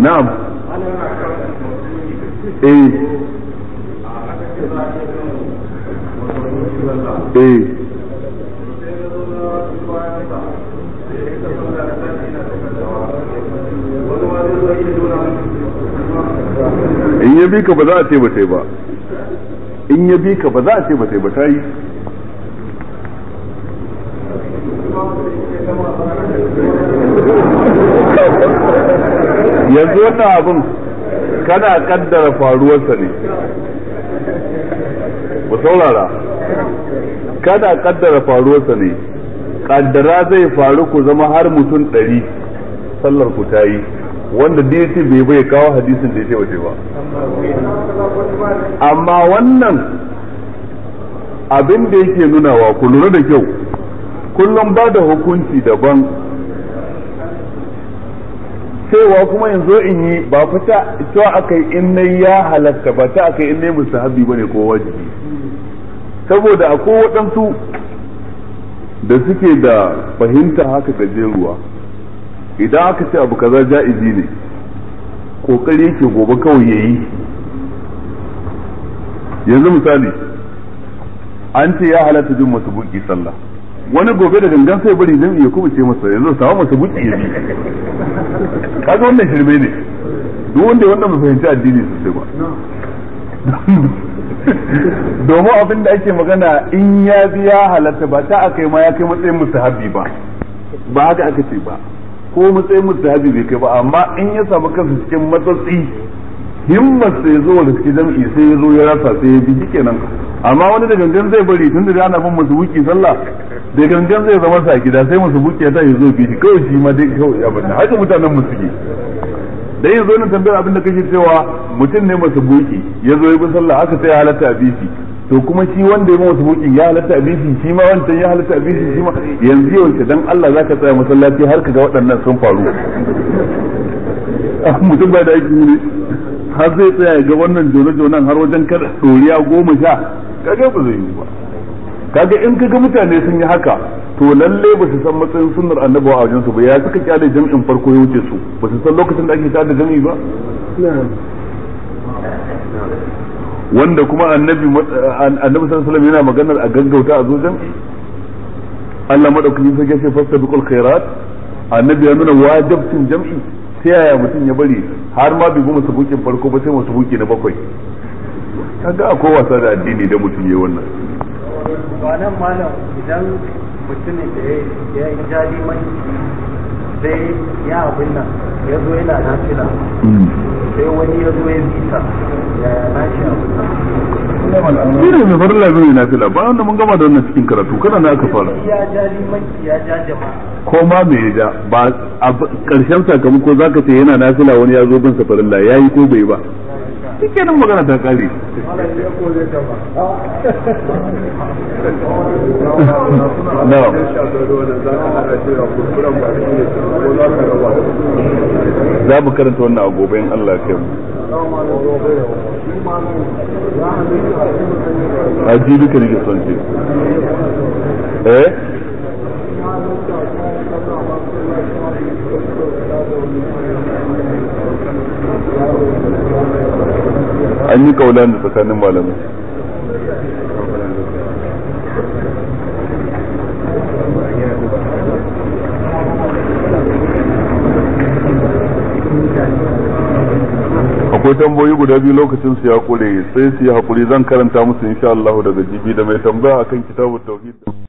نعم eh eh in ya bi ka ba za a ce ba ta ba in ya bi ka ba za a ce ba ta ba ta yi yanzu wannan abin kana kaddara faruwarsa ne ba saurara kada kaddara faruwarsa ne kaddara zai faru ku zama har mutum ɗari sallar ku ta yi wanda da bai bai kawo hadisin da yace waje ba amma wannan abin da yake nunawa ku lura da kyau kullum ba da hukunci daban cewa kuma in zo in yi ba fita cewa aka yi in nai ya halatta ba ta aka yi in nai ba ne ko wajibi saboda akwai waɗansu da suke da fahimta haka gajeruwa idan aka ce abu kaza ja'izi ne kokari yake gobe kawai ya yi. yanzu misali an ce ya halatta jin masu buki sallah wani gobe da gangan sai bari zan iya kuma ce masa yanzu sawa masa buki ya bi kaga wannan shirme ne duk wanda wanda bai fahimci addini sosai ba domin abin da ake magana in ya biya halatta ba ta akai ma ya kai matsayin musahabi ba ba haka aka ce ba ko matsayin musahabi bai kai ba amma in ya samu kansa cikin matsatsi himmar sai zo da suke jam'i sai ya zo ya rasa sai ya bi kenan amma wani da gangan zai bari tun da ana bin musu wuki sallah da gangan zai zama sa gida sai musu buki ya tashi zo bi shi kawai shi ma dai kawai ya bata haka mutanen mu suke dai yanzu nan tambayar abin da kake cewa mutum ne masu buki ya zo ya bi sallah aka sai halatta a bishi to kuma shi wanda ya bi masu ya halatta a bishi shi ma wancan ya halatta a bishi shi ma yanzu ce dan Allah zaka tsaya masallaci har ka ga waɗannan sun faru mutum ba da aiki ne har zai tsaya ga wannan jone-jonen har wajen kada soriya goma sha kaga ba zai yi ba kaga in kaga mutane sun yi haka to lalle ba su san matsayin sunnar annabawa a wajensu ba ya suka kyale jam'in farko ya wuce su ba su san lokacin da ake tada jami'i ba wanda kuma annabi annabi sallallahu alaihi yana maganar a gaggauta a zuciyan Allah madaukakin sai ya ce fastabiqul khairat annabi ya nuna wajibcin jam'i ta yaya mutum ya bari har ma bai goma sabukin farko ba sai masu buki na bakwai kaga kowa wasa da addini da mutum ya wannan wannan nan malam idan mutumin da ya yi jali mai sai ya abin nan ya zo yana nafila hmm. sai wani ya zo ya bisa ya nashi abin nan shi ne mai farin labirin mai fila ba wanda mun gama da wannan cikin karatu kana na aka fara ko ma me ya ja ba a karshen sakamako zaka ce yana nafila wani ya zo bin safarin la ya yi ko bai ba kike nan magana ta kare za mu karanta wannan a gobe in Allah ya kai mu Aji ji duka nake son ce eh an yi kaula da tsakanin malamai akwai tambayoyi guda biyu lokacin su ya kure sai su yi hakuri zan karanta musu insha Allah daga jibi da mai tambaya akan kitabut tauhid